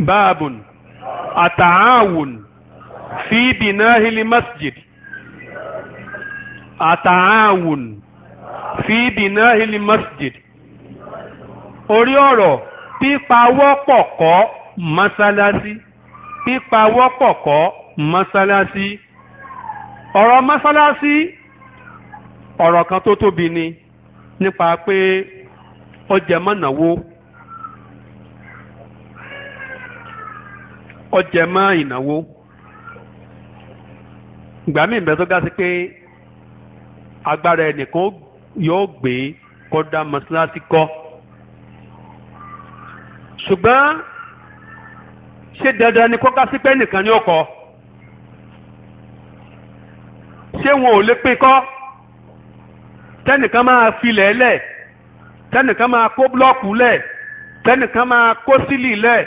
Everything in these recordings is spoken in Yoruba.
باب التعاون في بناء المسجد التعاون في بناء المسجد orí ọ̀rọ̀ pípawọ́pọ̀ kọ́ mọ́sálásí pípawọ́pọ̀ kọ́ mọ́sálásí ọ̀rọ̀ mọ́sálásí ọ̀rọ̀ kan tó tóbi ni nípa pé ọjẹ mọ́ ìnáwó ìgbà míì tó ga sí pé agbára ẹnìkan yóò gbé kọ. ṣé dandan ni sí pé ni ó kọ. ṣé wọn ò lè pín máa filẹ̀ lẹ̀ máa kó búlọ́ọ̀kù lẹ̀ máa kó sílì lẹ̀.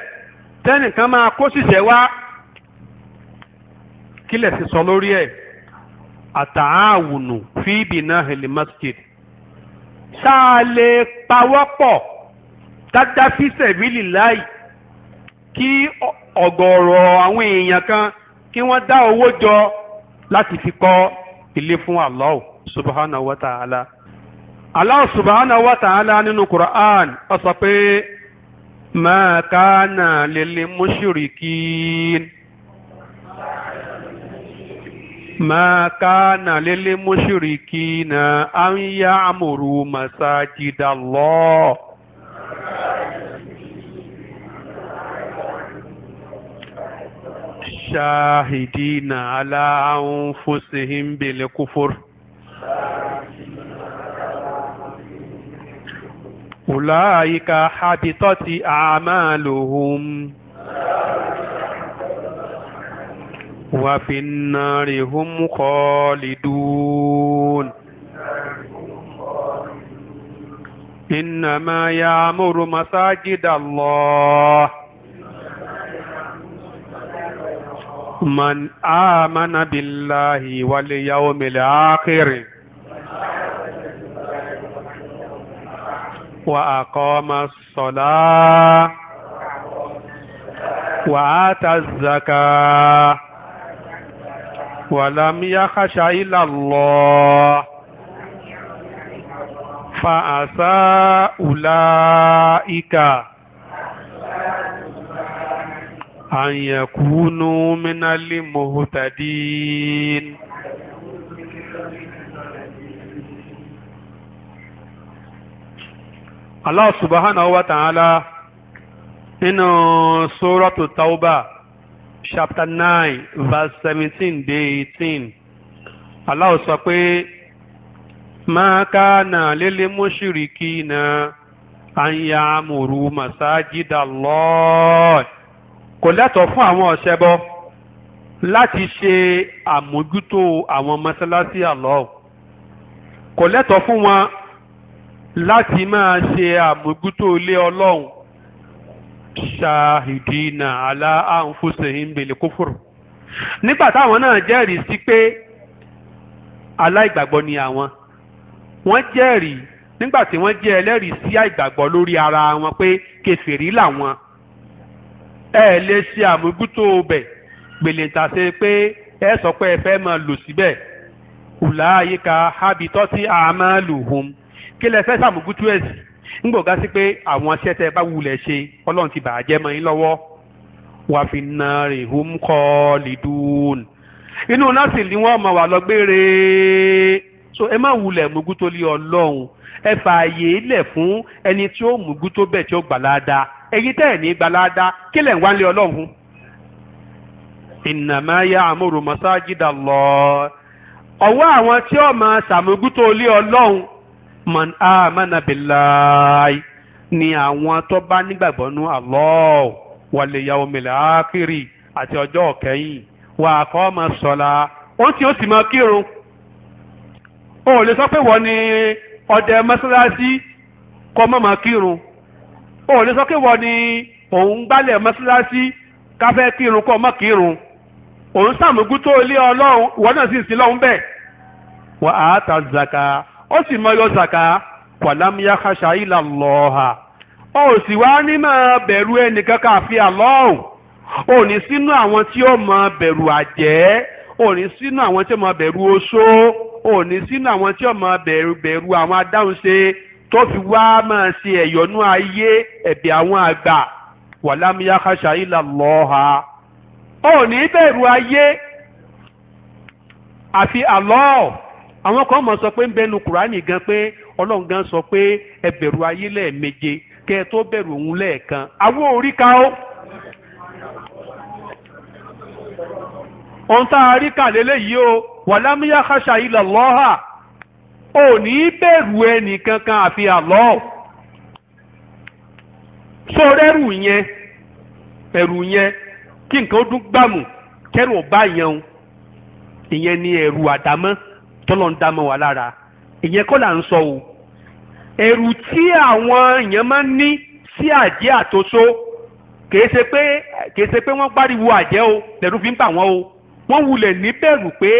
tẹ́nìkan máa kó ṣìṣẹ́ wá kila sí sọ lórí ẹ̀ àtàáwùnù fíìbì náà hẹlẹ masjid ṣáà lè pawọ́pọ̀ dáadáa fi sẹ̀bílì láì kí ọ̀gọ̀ọ̀rọ̀ àwọn èèyàn kan kí wọ́n dá owó jọ láti fi kọ́ ilé fún Allah Subahana wa ta'ala Allah Watala wa ta'ala nínú Qur'an ó sọ pé. mka nalele mushiriki na ahịya amụrụ masajidlọ shahidi na alaahụ fosighị Kufuru. أولئك حبطت أعمالهم وفي النار هم خالدون إنما يعمر مساجد الله من آمن بالله واليوم الآخر وأقام الصلاة وآتى الزكاة ولم يخش إلا الله فعسى أولئك أن يكونوا من المهتدين Allah subhanahu wa ta'ala nínú suratu tauba chapter 9 verse 17 dé 18 Allah sọ pé ma kana lil mushrikina an ya'muru masajida Allah kò lẹ́tọ̀ fún àwọn ọ̀ṣẹ́bọ láti ṣe àmójútó àwọn mọ́sálásí Allah kò lẹ́tọ̀ fún wọn láti máa ṣe àmójútó ilé ọlọ́run ṣahidina ala anfusihim bil kufur nígbà táwọn náà jẹ́rìí sí pé aláìgbàgbọ́ ni àwọn wọ́n jẹ́rìí nígbà tí wọ́n jẹ́ ẹlẹ́rìí sí àìgbàgbọ́ lórí ara wọn pé kèfèrí làwọn ẹ lè ṣe àmójútó ọbẹ̀ gbèlèǹtà ṣe pé ẹ sọ pé ẹ fẹ́ máa lò síbẹ̀ ùlà àyíká habitọ́ tí a máa lù hùm. kí lẹ fẹ́ sàmúgútú ẹ̀ sí ń gbọ̀gá sí pé àwọn iṣẹ́ tẹ bá wulẹ̀ ṣe ọlọ́run ti bà á jẹ́ mọ́ yín lọ́wọ́ wàá fi na rìhùm kọ́ lìdùn inú násì ni wọ́n mọ̀ wà lọ́gbére so ẹ má wulẹ̀ mùgútó lé ọlọ́run ẹ fààyè lẹ̀ fún ẹni tí ó mùgútó bẹ̀ tí ó gbà láadáa ẹ̀yin ní gbà kí lẹ̀ ń wá lé ọlọ́run ìnàmá ya àmúrò mọ́sáájídà lọ ọwọ́ àwọn tí ó máa ṣàmùgútó lé ọlọ́run man amana billahi ni àwọn tó bá nígbàgbọ́ nú Allah wal yawmil akhiri àti ọjọ́ kẹ́yìn wà á kọ́ ọmọ sọ̀la ó ti ó sì máa kírun o ò lè sọ pé wọ́n ní ọdẹ mọ́sálásí kọ́ mọ́ máa kírun o ò lè sọ pé wọ́n ní òun gbálẹ̀ mọ́sálásí káfẹ́ kírun kọ́ mọ́ kírun òun sàmúgú tó ilé ọlọ́run ìwọ náà sì sí lọ́hún bẹ́ẹ̀ wà á ta zaka ó sì mọ yọ zàkà wàlámúyá kàṣà ha. O ó sì wá ní máa bẹ̀rù ẹnìkan káfí àlọ́hùn ó ní sínú àwọn tí ó máa bẹ̀rù àjẹ́ ó ní sínú àwọn tí ó máa bẹ̀rù oṣó ó ní sínú àwọn tí ó máa bẹ̀rù àwọn adáhùnṣe tó fi wá máa ṣe ẹ̀yọ́nú ayé ẹ̀bẹ̀ àwọn àgbà wàlámúyá kàṣà ó ní bẹ̀rù ayé àfi àwọn kan mọ̀ sọ pé ń bẹnu gan pé ọlọ́run gan sọ pé ẹ ayé lẹ́ẹ̀méje kẹ́ tó bẹ̀rù òun lẹ́ẹ̀kan àwọn orí ó. ohun tá a rí kà o wàlámúyá kàṣà lọ lọ́hà ò ní bẹ̀rù ẹnì kankan àfi àlọ́ yẹn ẹ̀rù yẹn kí nǹkan ó dún gbàmù kẹ́rù yẹn ìyẹn ni ẹ̀rù tọ́lọ̀ dá mọ́ wa lára ìyẹn kọ́ là ń sọ o ẹ̀rù tí àwọn èèyàn máa ń ní sí àjẹ́ àtòso kìí ṣe pé kìí ṣe pé wọ́n pariwo àjẹ́ o lẹ́rù fi ń bà wọ́n o wọ́n wulẹ̀ níbẹ̀rù pé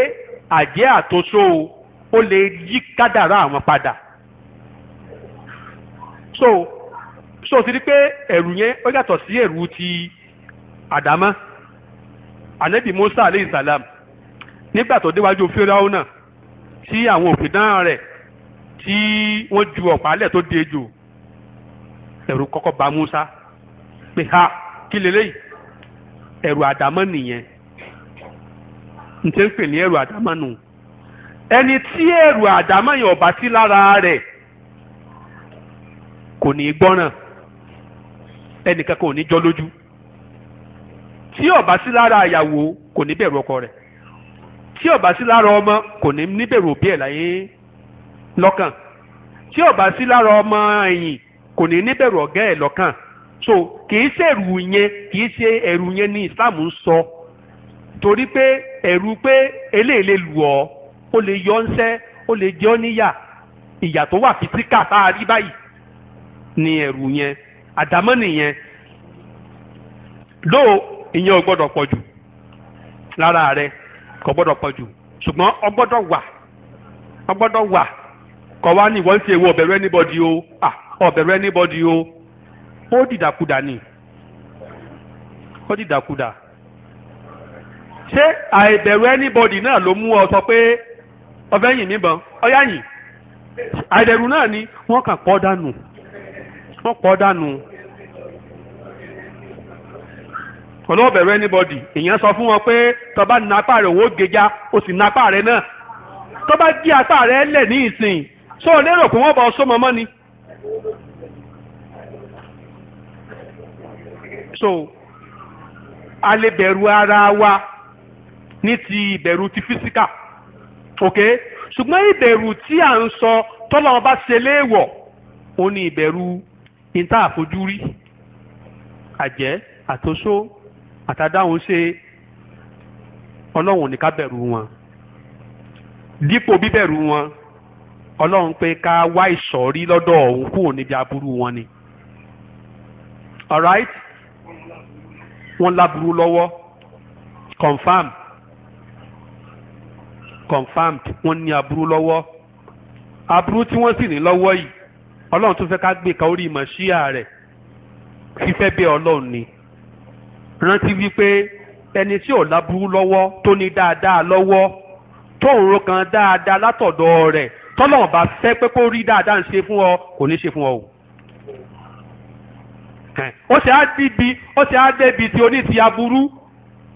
àjẹ́ àtòso o ó lè yí kádàrá àwọn padà so so ti di pé ẹ̀rù yẹn ó yàtọ̀ sí ẹ̀rù ti àdámá anabi musa aleyhisalaam nígbà tó déwájú fíráúnà tí àwọn òpìdán rẹ̀ tí wọ́n ju ọ̀pálẹ̀ tó de jò ẹ̀rù kọ́kọ́ bà Musa pé ha kí leléyìí ẹ̀rù àdámọ́ nìyẹn n tẹ́ ń pè ní ẹ̀rù àdámọ́ nù ẹni tí ẹ̀rù àdámọ́ yẹn ọ̀bá sí lára rẹ̀ kò ní í gbọ́ràn ẹnìkan kò ní í jọ lójú tí ọ̀bá sí lára ìyàwó kò ní bẹ̀rù ọkọ rẹ̀ tí ó bá sí lára ọmọ kò ní níbẹ̀rù òbí ẹ̀ láyé lọ́kàn tí ó sí lára ọmọ ẹ̀yìn kò ní níbẹ̀rù ọ̀gá ẹ̀ lọ́kàn so kìí ṣe ẹ̀rù yẹn kìí ṣe ẹ̀rù yẹn ni Islam ń sọ torí pé ẹ̀rù pé eléyìí lè lù ọ́ ó lè yọ ọ́ ńṣẹ́ ó lè jẹ́ ọ́ níyà ìyà tó wà fìtíkà tá a rí báyìí ni ẹ̀rù yẹn àdámọ́ nìyẹn lóò ìyẹn ò gbọ́dọ̀ pọ̀ lára rẹ̀ kò gbọ́dọ̀ pọ̀ jù ṣùgbọ́n ọ gbọ́dọ̀ wà ọ gbọ́dọ̀ wà kọ wá ní ìwọ́n ti ewu ọ̀bẹ̀rù anybody o ah ọ̀bẹ̀rù anybody o ó dìdàkudà ni ó dìdàkudà ṣé àìbẹ̀rù anybody náà ló mú ọ sọ pé ọfẹ́ yìn níbọn ọyá yìn àìbẹ̀rù náà ni wọ́n kàn pọ̀ dànù wọ́n pọ̀ dànù. kò lọ́wọ́ bẹ̀rù anybody èèyàn sọ fún wọn pé tó na apá rẹ̀ owó gẹja o sì na apá rẹ̀ náà tó bá jí apá rẹ̀ lẹ̀ ní ìsìn sọ lérò pé wọ́n bọ̀ sọmọ mọ́ ni. so a lè bẹ̀rù ara wa ní ti ìbẹ̀rù ti físíkà ok ṣùgbọ́n ìbẹ̀rù tí à ń sọ tọ́lọ́wọ́n bá ṣe léèwọ̀ ó ní ìbẹ̀rù ìta àfojúrí àjẹ́ àtòṣó àtàdáhùn ṣe ọlọ́run ní ká bẹ̀rù wọn dípò bíbẹ̀rù wọn ọlọ́run pé ká wá ìsọ̀rí lọ́dọ̀ òun kúrò níbi aburú wọn ni alright wọ́n láburú lọ́wọ́ confam confam wọ́n ní aburú lọ́wọ́ aburú tí wọ́n sì ní lọ́wọ́ yìí ọlọ́run tún fẹ́ ká gbé ka orí ìmọ̀ síyà rẹ̀ fífẹ́ bẹ́ẹ̀ ọlọ́run ni rántí wípé ẹni tí ò láburú lọ́wọ́ tó ní dáadáa lọ́wọ́ tó ń rokan dáadáa látọ̀dọ̀ rẹ̀ tọ́lọ́run bá fẹ́ pé kó rí dáadáa ń ṣe fún ọ kò ní ṣe fún ọ o. ó ṣe á débi ó ṣe á débi tí oní ti aburú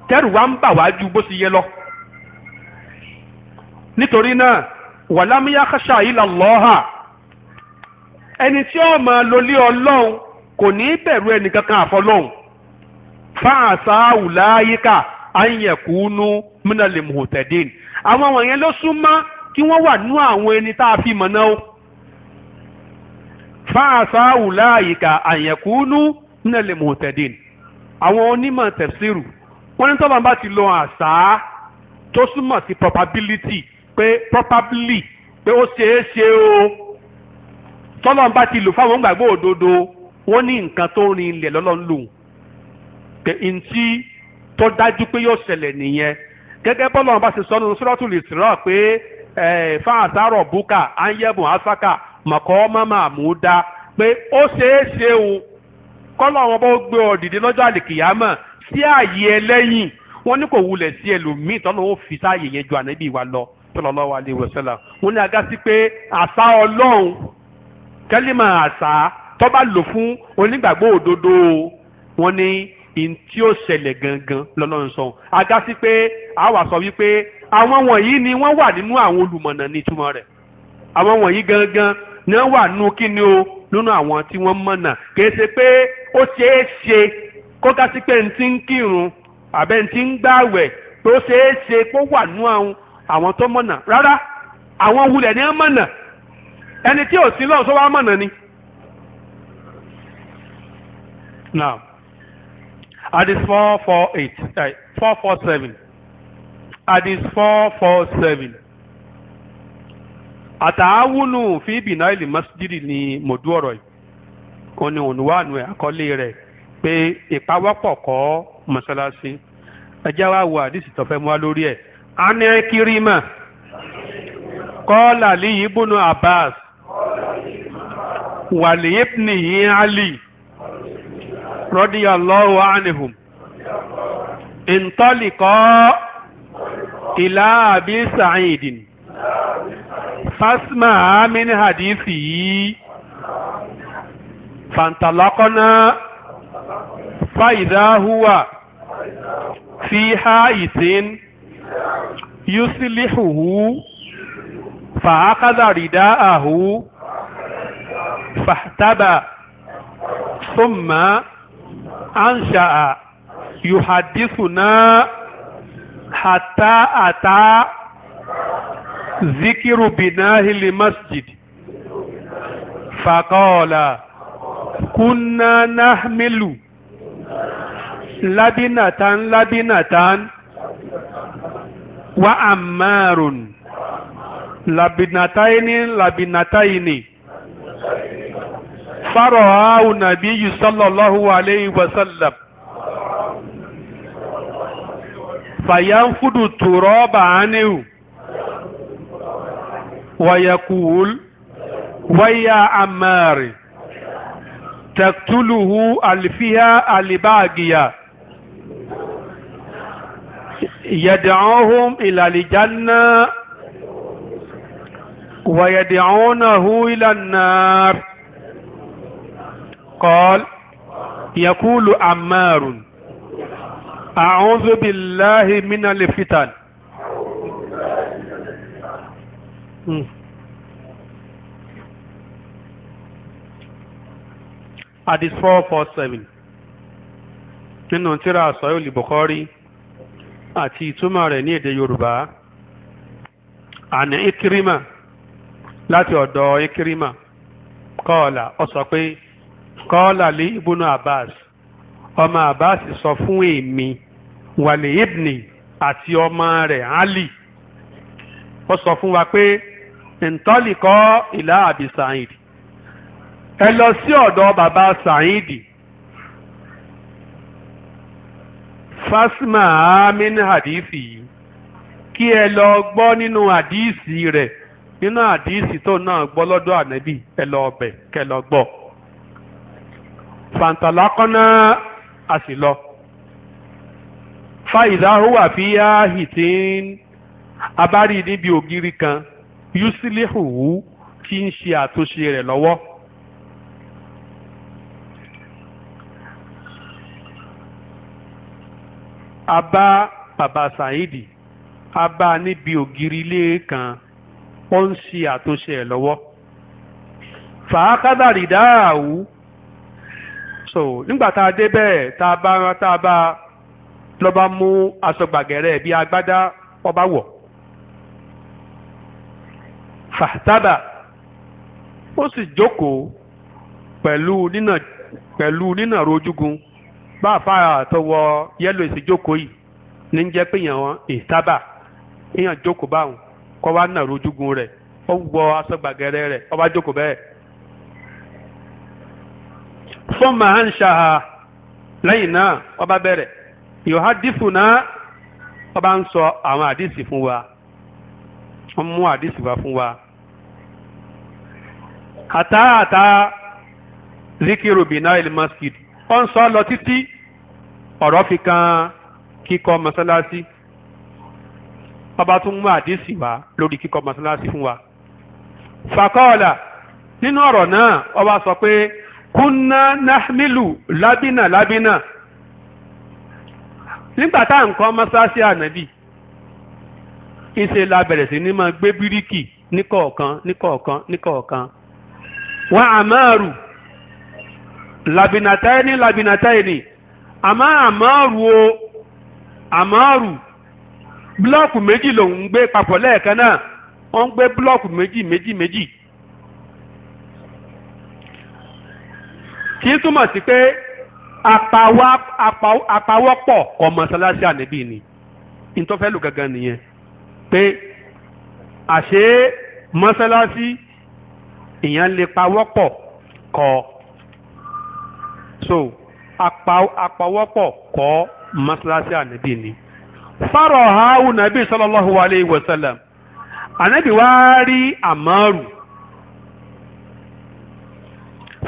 tẹ́rù wa ń bà wá ju bó ṣe yẹ lọ. nítorí náà wàlámúyá kàṣà yìí lọ́ọ̀hà ẹni tí ó máa lólé ọlọ́run kò ní bẹ̀rù ẹnìkankan àfọlọ́hùn fáàsá wùláyíkà ayẹ̀kúnú mínàlè mùtẹ̀dín àwọn wọ̀nyẹn ló súnmọ́ kí wọ́n wà nú àwọn ẹni tá a fi mọ̀ náà fáàsá wùláyíkà ayẹ̀kúnú mínàlè mùtẹ̀dín àwọn onímọ̀ tẹ̀síìrù wọ́n ní tọ́ba bá ti lo àṣà tó súnmọ́ sí probability pé probably pé ó ṣeé ṣe o tọ́lọ́n bá ti lò fáwọn gbàgbọ́ òdodo wọ́n ní nǹkan tó rin ilẹ̀ lọ́lọ́n lòun pé ntí tó dájú pé yóò ṣẹlẹ̀ nìyẹn gẹ́gẹ́ bọ́lá wọn bá ṣe sọ́nu sọ́dọ̀tún lè sọ́rọ̀ pé fáàtàrọ̀ búkà ányẹ́bùn asaka mọ̀kọ́ mọ́mọ́ àmúdá pé ó ṣeé ṣe o kọ́lá wọn bá gbé ọ dìde lọ́jọ́ àlìkìyàmọ̀ sí wọn ní kò wulẹ̀ sí ẹlòmíì tọ́lọ́ ó fi sáàyè yẹn ju ànábì wa lọ wọn ní aga sí pé àṣà ọlọ́run kẹ́límà àṣà bá lò fún onígbàgbọ́ wọn ní in tí ó ṣẹlẹ̀ gangan lọ́lọ́run sọ ajá sí pé a wà sọ wípé àwọn wọ̀nyí ni wọ́n wà nínú àwọn olùmọ̀nà ní ìtumọ̀ rẹ̀ àwọn wọ̀nyí gangan ni wọ́n wà nínú kíni o nínú àwọn tí wọ́n mọ̀nà kìí ṣe pé ó ṣeé ṣe kó ká sí pé n ti ń kírun àbẹ́ n ń gbààwẹ̀ tó ṣeé ṣe kó wà nínú àwọn tó mọ̀nà rárá àwọn wulẹ̀ ni wọ́n mọ̀nà ẹni tí ò sí lọ́wọ́ sọ wá mọ̀nà ni. Now hadith four four eight four four seven hadith four four seven àtàwùnù fi bìnnáìlì masjidi ni mòdú ọ̀rọ̀ yìí ó ní ònúwànú ẹ̀ àkọlé rẹ̀ pé ìpawọ́pọ̀ kọ́ mọ́sálásí ẹjẹ́ wa wo àdìsí tó fẹ́ mú wa lórí ẹ̀ ani kirima kọ́ọ̀là liyi ibùnú abbas wàlíyébùnì yín ali radiyallahu anhum intaliqa ila abi sa'idin fasma min hadithihi fantalaqna فإذا هو في حائط يصلحه فأخذ رداءه فاحتبى ثم ansha'a yuhadithuna hatta ata zikiru binahi li masjid faqala kunna nahmilu labinatan labinatan wa ammarun labinataini labinataini فرآه النبي صلى الله عليه وسلم فينفض التراب عنه ويقول ويا عمار تقتله الفيها الباقية يدعوهم إلى الجنة ويدعونه إلى النار قال يقول عمار أعوذ بالله من الفتن Hadith four four seven nínú tírà àsọyò olùbùkọ́rí àti ìtumọ̀ rẹ̀ ní èdè Yorùbá àní Ikirima láti ọ̀dọ̀ Ikirima kọ́ọ̀là ó sọ pé. kọ́ọ́là lé ibùnú abbas ọmọ abbas sọ fún èmi wàlẹ̀ ibni àti ọmọ rẹ̀ ali ó sọ fún wa pé ntọ́lìkọ́ ìlà àbí sa'id ẹ lọ sí ọ̀dọ́ bàbá sa'id fasma amini hadithi yìí kí ẹ lọ gbọ́ nínú hadithi rẹ̀ nínú hadithi tó náà gbọ́ lọ́dọ̀ ànábì ẹ lọ ọbẹ̀ kẹ lọ gbọ́. fàǹtàlákọ́nà àsìlọ fàyìdá ó wà fi áhì tí ń abárí níbi ògiri kan yusilihu wù kí ń ṣe àtúnṣe rẹ̀ lọ́wọ́. a bá bàbá Saidi a bá níbi ògiri ilé kan ó ń ṣe àtúnṣe ẹ̀ lọ́wọ́ fàákàdàrídàáwù so nígbà tá a dé bẹ́ẹ̀ tá a bá rán tá a bá lọ́ba mú aṣọ gbàgẹ̀rẹ̀ bí agbádá ọba wọ̀ fàtábà ó sì jókòó pẹ̀lú nínà pẹ̀lú nínà rojúgun bá a fara àtọwọ yẹ́lò èsì jókòó yìí ní jẹ́ pé èèyàn ìtábà èèyàn jókòó báwọn kọ́ wa nà rojúgun rẹ̀ ó wọ aṣọ gbàgẹ̀rẹ̀ rẹ̀ ó jókòó bẹ́ẹ̀ fọ́ọ̀mù à ń ṣàhà lẹ́yìn náà wọ́n bá bẹ̀rẹ̀ yòóhá dìfù náà wọ́n bá ń sọ àwọn àdìsí fún wa wọ́n mú àdìsí wa fún wa. àtà àtà zikiru bina il masjid ó ń sọ lọ títí ọ̀rọ̀ fi kan kíkọ́ mọ́sálásí wọ́n bá tún mú àdìsí wa lórí kíkọ́ mọ́sálásí fún wa. fàkọ́ọ̀là nínú ọ̀rọ̀ náà wọ́n bá sọ pé kúnná nahmilu labina labina nígbà tá à ń kọ́ mọ́sáàsì ànábì ìṣe la bẹ̀rẹ̀ sí ní máa gbé bíríkì níkọ̀ọ̀kan níkọ̀ọ̀kan níkọ̀ọ̀kan wa àmọ́ọ̀rù làbìnàtáyẹ́ni làbìnàtáyẹ́ni àmọ́ àmọ́ọ̀rù o àmọ́ọ̀rù búlọ́ọ̀kù méjì lòún ń gbé papọ̀ lẹ́ẹ̀kan náà wọ́n ń gbé búlọ́ọ̀kù méjì méjì méjì kì í túmọ̀ sí pé àpawọ́pọ̀ kọ́ mọ́sálásí ànábì ni ìtọ́fẹ́ lò gangan nìyẹn pé àṣé mọ́sálásí ìyẹn lè pawọ́pọ̀ kọ́ so àpawọ́pọ̀ kọ́ mọ́sálásí ànábì ni fárọ̀ hàwù nàbí sallallahu alayhi wa sallam ànábì wá rí àmọ́rù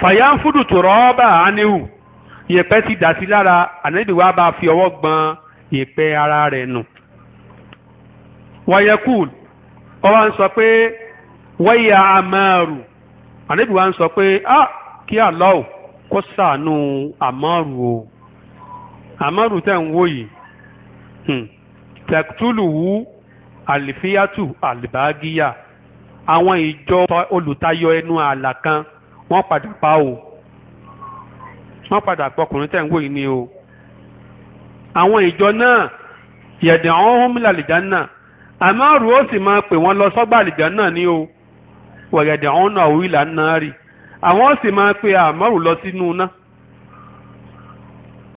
fàyàǹfùdù tó rọ́ọ̀bà áníhù yẹ̀pẹ̀ ti dà sí lára ànábì wa bá fi ọwọ́ gbọn yẹ̀pẹ̀ ara rẹ̀ nù. wayekul ọba ń sọ pé wáyà àmọ́rù ànábì wa ń sọ pé a kí àlọ́ọ̀ kó sàánú àmọ́rù o àmọ́rù tẹ̀ ń wò yìí tẹ̀kítúlùwù àlìfíyàtù àlìbágíyà àwọn ìjọ olùtayọ ẹnu ààlà kan wọ́n padà pa o wọ́n padà pa ọkùnrin tẹ̀ ń wò yìí ni o àwọn ìjọ náà yẹ̀dẹ̀ ọ̀hún mílà lìjà náà àmọ́ ọ̀rù ó sì máa pè wọ́n lọ sọ́gbà àlìjà náà ni o wọ̀yẹ̀dẹ̀ ọ̀hún náà wíìlà náà rì àwọn ó sì máa pe àmọ́rù lọ sínú náà.